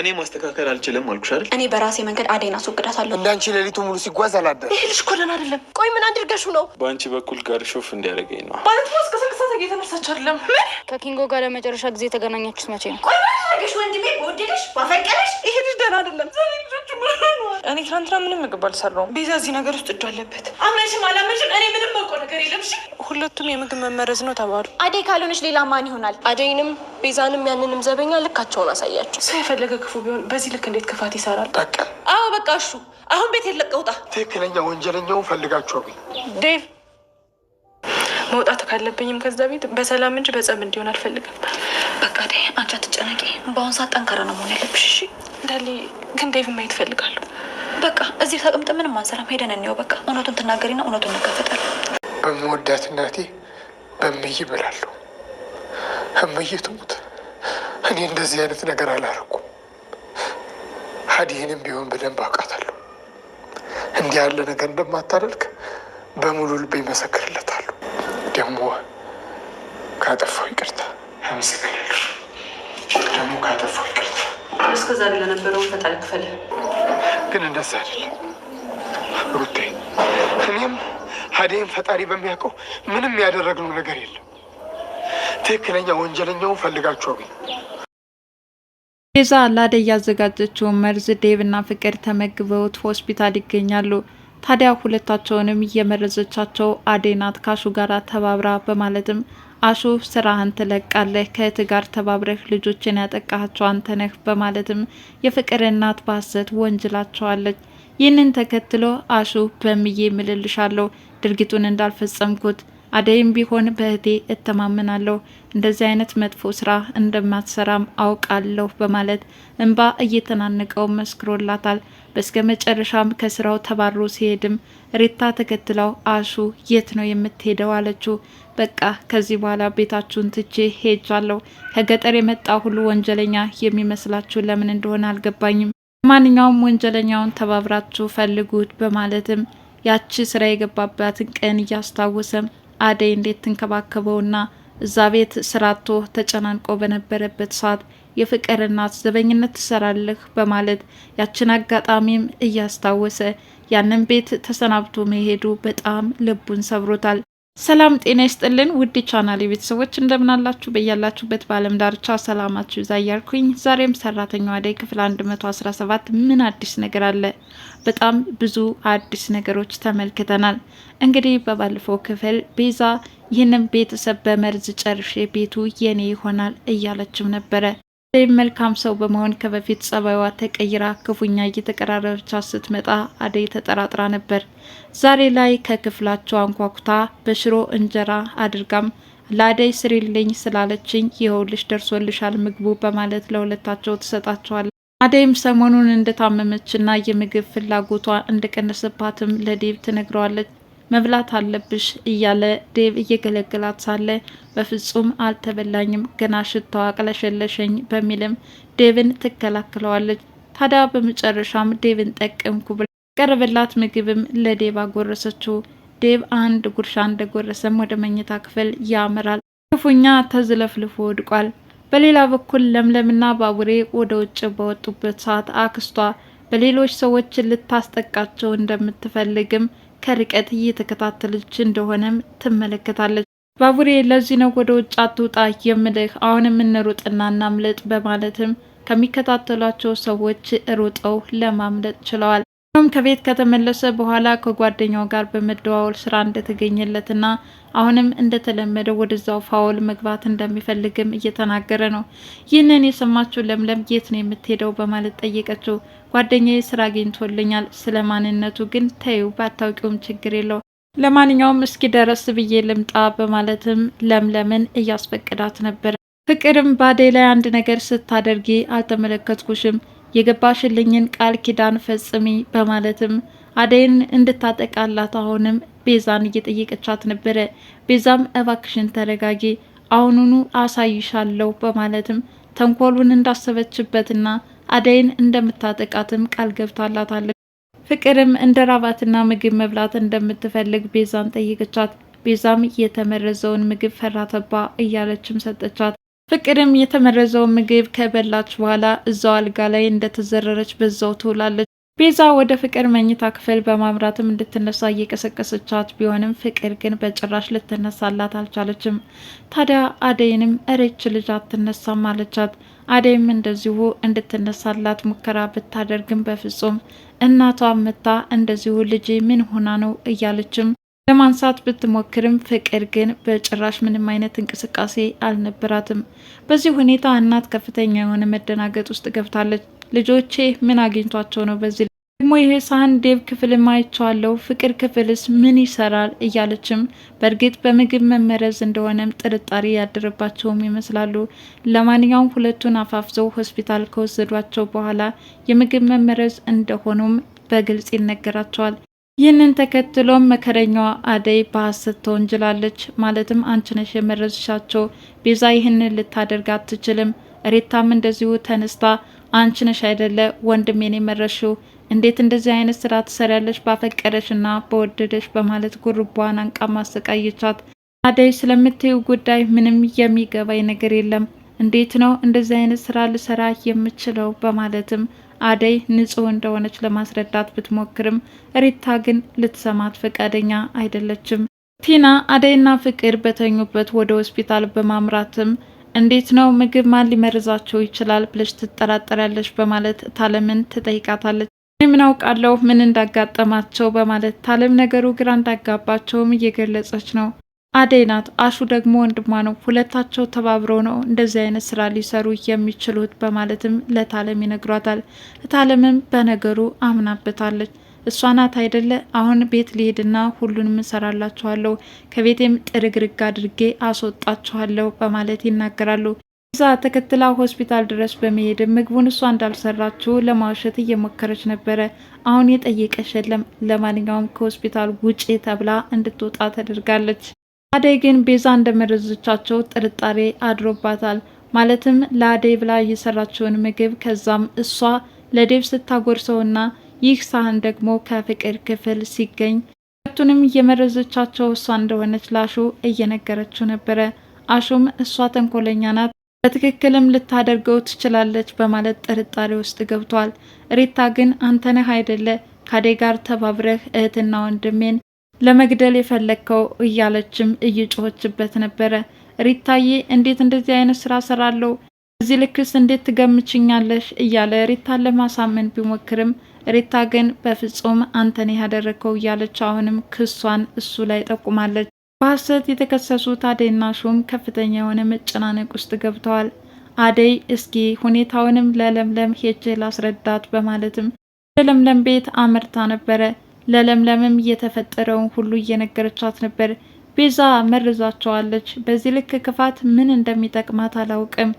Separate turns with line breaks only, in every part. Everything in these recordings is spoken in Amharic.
እኔ ማስተካከል አልችልም አልኩሽ አይደል?
እኔ በራሴ መንገድ አደይን አስወግዳታለሁ።
እንዳንቺ ሌሊቱ ሙሉ ሲጓዝ አላደር።
ይሄ ልጅ እኮ ደህና አይደለም። ቆይ ምን አድርገሽው ነው?
በአንቺ በኩል ጋር ሾፍ እንዲያደርገኝ ነው
ማለት ነው። እስከስንቅሳት እየተነሳች አይደለም።
ከኪንጎ ጋር ለመጨረሻ ጊዜ የተገናኛችሁት መቼ ነው?
ቆይ ምን አድርገሽ ወንድሜ? በወደደሽ ባፈቀደሽ።
ይሄ ልጅ ደህና አይደለም።
እኔ ትናንትና ምንም ምግብ አልሰራውም።
ቤዛ እዚህ ነገር ውስጥ እጁ አለበት።
አምነሽም አላመንሽም እኔ ምንም መቆ ነገር የለምሽ።
ሁለቱም የምግብ መመረዝ ነው ተባሉ።
አደይ ካልሆነች ሌላ ማን ይሆናል? አደይንም ቤዛንም ያንንም ዘበኛ ልካቸውን አሳያቸው።
ሰው የፈለገ ክፉ ቢሆን በዚህ ልክ እንዴት ክፋት ይሰራል?
በቃ
አዎ፣ በቃ እሹ፣ አሁን ቤት የለቀውጣ
ትክክለኛ ወንጀለኛውን ፈልጋቸው
ዴቭ መውጣት ካለብኝም ከዛ ቤት በሰላም እንጂ በጸብ እንዲሆን አልፈልግም።
በቃ አንቺ አትጨነቂ። በአሁን ሰዓት ጠንካራ ነው መሆን ያለብሽ። እሺ
እንዳለ ግን ዴቭ ማየት እፈልጋለሁ።
በቃ እዚህ ተቀምጠ ምንም አንሰራም። ሄደን እንየው በቃ እውነቱን ትናገሪና እውነቱን እንጋፈጣለን።
እምወዳት እናቴ እምዬ እምላለሁ። እምዬ ትሙት፣ እኔ እንደዚህ አይነት ነገር አላረኩም። ሀዲህንም ቢሆን በደንብ አውቃታለሁ። እንዲህ ያለ ነገር እንደማታደርግ በሙሉ ልቤ ይመሰክርለታሉ። ደግሞ ካጠፋው ይቅርታ ያመሰግናለሁ። ደግሞ ካጠፋው ይቅርታ።
እስከዛሬ ለነበረው ፈጣሪ ክፈል።
ግን እንደዛ አይደለም ሩቴ። እኔም ሀዴን ፈጣሪ በሚያውቀው ምንም ያደረግነው ነገር የለም። ትክክለኛ ወንጀለኛውን ፈልጋችሁ አግኝ
ቤዛ ለአደይ ያዘጋጀችው መርዝ ዴቭና ፍቅር ተመግበውት ሆስፒታል ይገኛሉ። ታዲያ ሁለታቸውንም እየመረዘቻቸው አዴናት ናት ካሹ ጋር ተባብራ በማለትም አሹ ስራህን ትለቃለህ፣ ከእህት ጋር ተባብረህ ልጆችን ያጠቃሃቸው አንተ ነህ በማለትም የፍቅር እናት ወንጅላቸዋለች። ይህንን ተከትሎ አሹ በምዬ ምልልሻለሁ ድርጊቱን እንዳልፈጸምኩት አደይም ቢሆን በእህቴ እተማመናለሁ እንደዚህ አይነት መጥፎ ስራ እንደማትሰራም አውቃለሁ በማለት እንባ እየተናነቀው መስክሮላታል። በስተ መጨረሻም ከስራው ተባሮ ሲሄድም ሬታ ተከትለው አሹ የት ነው የምትሄደው? አለችው። በቃ ከዚህ በኋላ ቤታችሁን ትቼ ሄጃለሁ። ከገጠር የመጣ ሁሉ ወንጀለኛ የሚመስላችሁ ለምን እንደሆነ አልገባኝም። ማንኛውም ወንጀለኛውን ተባብራችሁ ፈልጉት በማለትም ያቺ ስራ የገባባትን ቀን እያስታወሰም አደይ እንዴት ትንከባከበውና እዛ ቤት ስራቶ ተጨናንቆ በነበረበት ሰዓት የፍቅር እናት ዘበኝነት ትሰራለህ በማለት ያችን አጋጣሚም እያስታወሰ ያንን ቤት ተሰናብቶ መሄዱ በጣም ልቡን ሰብሮታል። ሰላም ጤና ይስጥልን ውድ ቻናል ቤተሰቦች እንደምናላችሁ በያላችሁበት በአለም ዳርቻ ሰላማችሁ ይብዛ እያልኩኝ ዛሬም ሰራተኛዋ አደይ ክፍል 117 ምን አዲስ ነገር አለ? በጣም ብዙ አዲስ ነገሮች ተመልክተናል። እንግዲህ በባለፈው ክፍል ቤዛ ይህንን ቤተሰብ በመርዝ ጨርሼ ቤቱ የኔ ይሆናል እያለችም ነበረ። አደይም መልካም ሰው በመሆን ከበፊት ጸባይዋ ተቀይራ ክፉኛ እየተቀራረበቻት ስትመጣ አደይ ተጠራጥራ ነበር። ዛሬ ላይ ከክፍላቸው አንኳኩታ በሽሮ እንጀራ አድርጋም ለአደይ ስሪልኝ ስላለችኝ ይኸውልሽ ደርሶልሻል ምግቡ በማለት ለሁለታቸው ትሰጣቸዋለች። አደይም ሰሞኑን እንደታመመችና የምግብ ፍላጎቷ እንደቀነሰባትም ለዴብ ትነግረዋለች። መብላት አለብሽ እያለ ዴቭ እየገለገላት ሳለ በፍጹም አልተበላኝም፣ ገና ሽታዋ አቅለሸለሸኝ በሚልም ዴቭን ትከላክለዋለች። ታዲያ በመጨረሻም ዴቭን ጠቀምኩ ብላ ቀረበላት ምግብም ለዴቭ አጎረሰችው። ዴቭ አንድ ጉርሻ እንደጎረሰም ወደ መኝታ ክፍል ያመራል። ክፉኛ ተዝለፍልፎ ወድቋል። በሌላ በኩል ለምለምና ባቡሬ ወደ ውጭ በወጡበት ሰዓት አክስቷ በሌሎች ሰዎች ልታስጠቃቸው እንደምትፈልግም ከርቀት እየተከታተለች እንደሆነም ትመለከታለች። ባቡሬ ለዚህ ነው ወደ ውጭ አትውጣ የምልህ፣ አሁንም እንሩጥና እናምልጥ በማለትም ከሚከታተሏቸው ሰዎች ሩጠው ለማምለጥ ችለዋል። ከቤት ከተመለሰ በኋላ ከጓደኛው ጋር በመደዋወል ስራ እንደተገኘለትና አሁንም እንደተለመደው ወደዛው ፋውል መግባት እንደሚፈልግም እየተናገረ ነው። ይህንን የሰማችው ለምለም የት ነው የምትሄደው በማለት ጠየቀችው። ጓደኛዬ ስራ አግኝቶልኛል፣ ስለ ማንነቱ ግን ተዩ ባታውቂውም ችግር የለው ለማንኛውም እስኪ ደረስ ብዬ ልምጣ በማለትም ለምለምን እያስፈቅዳት ነበር። ፍቅርም ባዴ ላይ አንድ ነገር ስታደርጊ አልተመለከትኩሽም የገባሽልኝን ቃል ኪዳን ፈጽሚ በማለትም አደይን እንድታጠቃላት አሁንም ቤዛን እየጠየቀቻት ነበረ። ቤዛም እባክሽን ተረጋጊ፣ አሁኑኑ አሳይሻለሁ በማለትም ተንኮሉን እንዳሰበችበትና አደይን እንደምታጠቃትም ቃል ገብታላታለች። ፍቅርም እንደ ራባትና ምግብ መብላት እንደምትፈልግ ቤዛን ጠየቀቻት። ቤዛም የተመረዘውን ምግብ ፈራተባ እያለችም ሰጠቻት። ፍቅርም የተመረዘው ምግብ ከበላች በኋላ እዛው አልጋ ላይ እንደተዘረረች በዛው ትውላለች። ቤዛ ወደ ፍቅር መኝታ ክፍል በማምራትም እንድትነሳ እየቀሰቀሰቻት ቢሆንም ፍቅር ግን በጭራሽ ልትነሳላት አልቻለችም። ታዲያ አደይንም እሬች ልጅ አትነሳም አለቻት። አደይም እንደዚሁ እንድትነሳላት ሙከራ ብታደርግም በፍጹም እናቷ መታ እንደዚሁ ልጄ ምን ሆና ነው እያለችም ለማንሳት ብትሞክርም ፍቅር ግን በጭራሽ ምንም አይነት እንቅስቃሴ አልነበራትም። በዚህ ሁኔታ እናት ከፍተኛ የሆነ መደናገጥ ውስጥ ገብታለች። ልጆቼ ምን አግኝቷቸው ነው? በዚህ ደግሞ ይሄ ሳህን ዴቭ ክፍል ማይቸዋለው፣ ፍቅር ክፍልስ ምን ይሰራል? እያለችም በእርግጥ በምግብ መመረዝ እንደሆነም ጥርጣሬ ያደረባቸውም ይመስላሉ። ለማንኛውም ሁለቱን አፋፍዘው ሆስፒታል ከወሰዷቸው በኋላ የምግብ መመረዝ እንደሆኑም በግልጽ ይነገራቸዋል። ይህንን ተከትሎም መከረኛዋ አደይ በሐሰት ተወንጅላለች። ማለትም አንቺ ነሽ የመረዝሻቸው ቤዛ ይህንን ልታደርግ አትችልም። ሬታም እንደዚሁ ተነስታ አንቺ ነሽ አይደለ ወንድሜን የመረሽው እንዴት እንደዚህ አይነት ስራ ትሰሪያለሽ? ባፈቀደሽና በወደደሽ በማለት ጉርቧን አንቃ ማሰቃየቻት። አደይ ስለምትዩ ጉዳይ ምንም የሚገባኝ ነገር የለም። እንዴት ነው እንደዚህ አይነት ስራ ልሰራ የምችለው? በማለትም አደይ ንጹህ እንደሆነች ለማስረዳት ብትሞክርም ሪታ ግን ልትሰማት ፈቃደኛ አይደለችም። ቲና አደይና ፍቅር በተኙበት ወደ ሆስፒታል በማምራትም እንዴት ነው ምግብ ማን ሊመርዛቸው ይችላል ብለሽ ትጠራጠራለች በማለት ታለምን ትጠይቃታለች። ምን አውቃለሁ ምን እንዳጋጠማቸው በማለት ታለም ነገሩ ግራ እንዳጋባቸውም እየገለጸች ነው። አደይ ናት። አሹ ደግሞ ወንድሟ ነው። ሁለታቸው ተባብረው ነው እንደዚህ አይነት ስራ ሊሰሩ የሚችሉት በማለትም ለታለም ይነግሯታል። ታለምም በነገሩ አምናበታለች። እሷ ናት አይደለ? አሁን ቤት ሊሄድና ሁሉንም እሰራላችኋለሁ፣ ከቤቴም ጥርግርግ አድርጌ አስወጣችኋለሁ በማለት ይናገራሉ። ዛ ተከትላ ሆስፒታል ድረስ በመሄድ ምግቡን እሷ እንዳልሰራችው ለማውሸት እየሞከረች ነበረ። አሁን የጠየቀሽ የለም፣ ለማንኛውም ከሆስፒታል ውጪ ተብላ እንድትወጣ ተደርጋለች። አደይ ግን ቤዛ እንደመረዘቻቸው ጥርጣሬ አድሮባታል። ማለትም ለአደይ ብላ የሰራችውን ምግብ ከዛም እሷ ለዴብ ስታጎርሰውና ይህ ሳህን ደግሞ ከፍቅር ክፍል ሲገኝ ሁለቱንም እየመረዘቻቸው እሷ እንደሆነች ላሹ እየነገረችው ነበረ። አሹም እሷ ተንኮለኛ ናት፣ በትክክልም ልታደርገው ትችላለች በማለት ጥርጣሬ ውስጥ ገብቷል። ሪታ ግን አንተ ነህ አይደለ ከአደይ ጋር ተባብረህ እህትና ወንድሜን ለመግደል የፈለግከው እያለችም እየጮኸችበት ነበረ። ሪታዬ እንዴት እንደዚህ አይነት ስራ ሰራለሁ እዚህ ልክስ እንዴት ትገምችኛለሽ እያለ ሪታን ለማሳመን ቢሞክርም ሪታ ግን በፍጹም አንተን ያደረግከው እያለች አሁንም ክሷን እሱ ላይ ጠቁማለች። በሐሰት የተከሰሱት አደይና ሹም ከፍተኛ የሆነ መጨናነቅ ውስጥ ገብተዋል። አደይ እስኪ ሁኔታውንም ለለምለም ሄጄ ላስረዳት በማለትም ለለምለም ቤት አምርታ ነበረ። ለለምለምም የተፈጠረውን ሁሉ እየነገረቻት ነበር። ቤዛ መርዛቸዋለች። በዚህ ልክ ክፋት ምን እንደሚጠቅማት አላውቅም።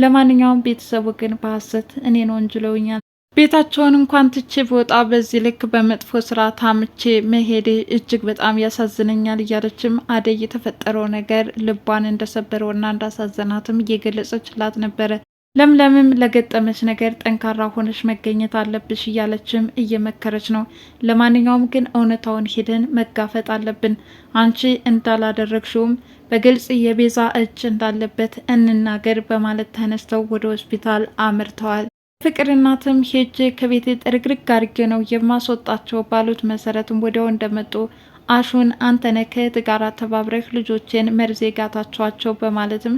ለማንኛውም ቤተሰቡ ግን በሐሰት እኔን ወንጅለውኛል። ቤታቸውን እንኳን ትቼ በወጣ በዚህ ልክ በመጥፎ ስራ ታምቼ መሄዴ እጅግ በጣም ያሳዝነኛል እያለችም አደይ የተፈጠረው ነገር ልቧን እንደሰበረውና እንዳሳዘናትም እየገለጸችላት ነበረ። ለምለምም ለገጠመች ነገር ጠንካራ ሆነች መገኘት አለብሽ እያለችም እየመከረች ነው። ለማንኛውም ግን እውነታውን ሄደን መጋፈጥ አለብን። አንቺ እንዳላደረግሽውም በግልጽ የቤዛ እጅ እንዳለበት እንናገር በማለት ተነስተው ወደ ሆስፒታል አምርተዋል። ፍቅር እናትም ሄጄ ከቤቴ ጥርግርግ አድርጌ ነው የማስወጣቸው ባሉት መሰረትም ወዲያው እንደመጡ አሹን አንተነህ ከእህት ጋር ተባብረህ ልጆቼን መርዜ ጋታቸዋቸው በማለትም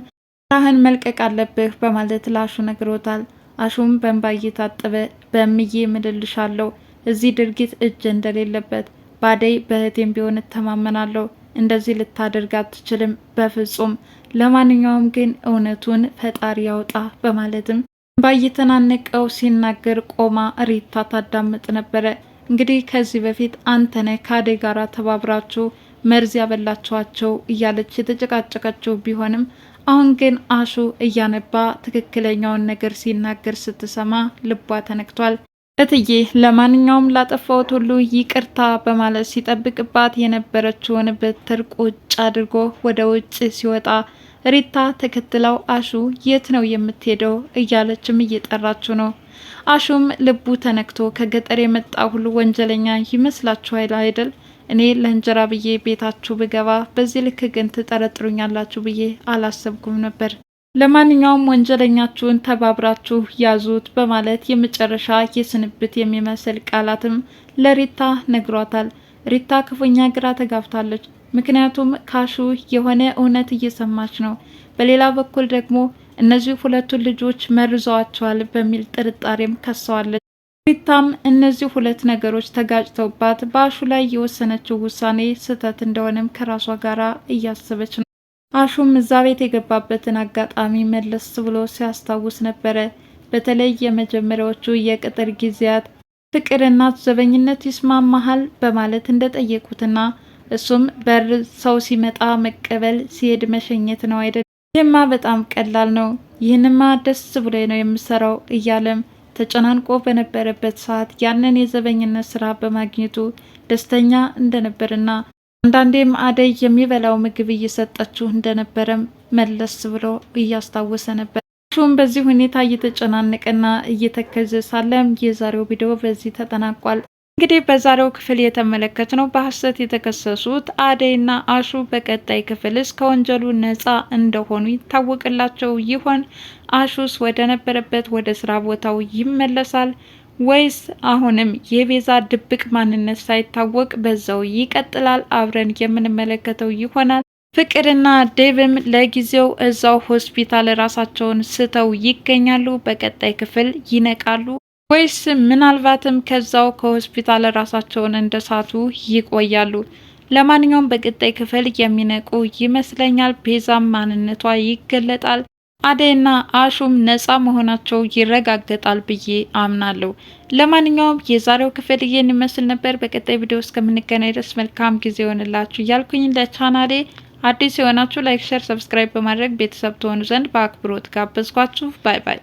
ራህን መልቀቅ አለብህ በማለት ለአሹ ነግሮታል። አሹም በእንባ እየታጠበ በምዬ ምልልሻለሁ እዚህ ድርጊት እጅ እንደሌለበት ባደይ በእህቴም ቢሆን እተማመናለሁ እንደዚህ ልታደርግ አትችልም በፍጹም ለማንኛውም ግን እውነቱን ፈጣሪ ያውጣ በማለትም እንባ እየተናነቀው ሲናገር ቆማ ሪታ ታዳምጥ ነበረ። እንግዲህ ከዚህ በፊት አንተነ ከአደይ ጋራ ተባብራችሁ መርዝ ያበላችኋቸው እያለች የተጨቃጨቀችው ቢሆንም አሁን ግን አሹ እያነባ ትክክለኛውን ነገር ሲናገር ስትሰማ ልቧ ተነክቷል። እትዬ ለማንኛውም ላጠፋሁት ሁሉ ይቅርታ በማለት ሲጠብቅባት የነበረችውን በትር ቁጭ አድርጎ ወደ ውጭ ሲወጣ ሪታ ተከትለው አሹ የት ነው የምትሄደው እያለችም እየጠራችው ነው። አሹም ልቡ ተነክቶ ከገጠር የመጣ ሁሉ ወንጀለኛ ይመስላችኋል አይደል? እኔ ለእንጀራ ብዬ ቤታችሁ ብገባ በዚህ ልክ ግን ትጠረጥሩኛላችሁ ብዬ አላሰብኩም ነበር። ለማንኛውም ወንጀለኛችሁን ተባብራችሁ ያዙት በማለት የመጨረሻ የስንብት የሚመስል ቃላትም ለሪታ ነግሯታል። ሪታ ክፉኛ ግራ ተጋብታለች። ምክንያቱም ካሹ የሆነ እውነት እየሰማች ነው። በሌላ በኩል ደግሞ እነዚህ ሁለቱን ልጆች መርዘዋቸዋል በሚል ጥርጣሬም ከሰዋለች። ቤታም እነዚህ ሁለት ነገሮች ተጋጭተውባት በአሹ ላይ የወሰነችው ውሳኔ ስህተት እንደሆነም ከራሷ ጋር እያሰበች ነው። አሹም እዛ ቤት የገባበትን አጋጣሚ መለስ ብሎ ሲያስታውስ ነበረ። በተለይ የመጀመሪያዎቹ የቅጥር ጊዜያት ፍቅርና ዘበኝነት ይስማማሃል በማለት እንደጠየቁትና እሱም በር ሰው ሲመጣ መቀበል ሲሄድ መሸኘት ነው አይደለም። ይህማ በጣም ቀላል ነው፣ ይህንማ ደስ ብሎ ነው የምሰራው እያለም ተጨናንቆ በነበረበት ሰዓት ያንን የዘበኝነት ስራ በማግኘቱ ደስተኛ እንደነበርና አንዳንዴም አደይ የሚበላው ምግብ እየሰጠችው እንደነበረም መለስ ብሎ እያስታወሰ ነበር። ሹም በዚህ ሁኔታ እየተጨናነቀና እየተከዘ ሳለም የዛሬው ቪዲዮ በዚህ ተጠናቋል። እንግዲህ በዛሬው ክፍል የተመለከትነው በሐሰት የተከሰሱት አደይና አሹ በቀጣይ ክፍልስ ከወንጀሉ ነፃ እንደሆኑ ይታወቅላቸው ይሆን? አሹስ ወደ ነበረበት ወደ ስራ ቦታው ይመለሳል ወይስ አሁንም የቤዛ ድብቅ ማንነት ሳይታወቅ በዛው ይቀጥላል? አብረን የምንመለከተው ይሆናል። ፍቅርና ዴቭም ለጊዜው እዛው ሆስፒታል ራሳቸውን ስተው ይገኛሉ። በቀጣይ ክፍል ይነቃሉ ወይስ ምናልባትም ከዛው ከሆስፒታል ራሳቸውን እንደሳቱ ይቆያሉ? ለማንኛውም በቀጣይ ክፍል የሚነቁ ይመስለኛል። ቤዛም ማንነቷ ይገለጣል። አደይና አሹም ነጻ መሆናቸው ይረጋገጣል ብዬ አምናለሁ። ለማንኛውም የዛሬው ክፍል ይህን ይመስል ነበር። በቀጣይ ቪዲዮ እስከምንገናኝ ድረስ መልካም ጊዜ ይሆንላችሁ እያልኩኝ ለቻናሌ አዲስ የሆናችሁ ላይክ፣ ሸር፣ ሰብስክራይብ በማድረግ ቤተሰብ ትሆኑ ዘንድ በአክብሮት ጋበዝኳችሁ። ባይ ባይ።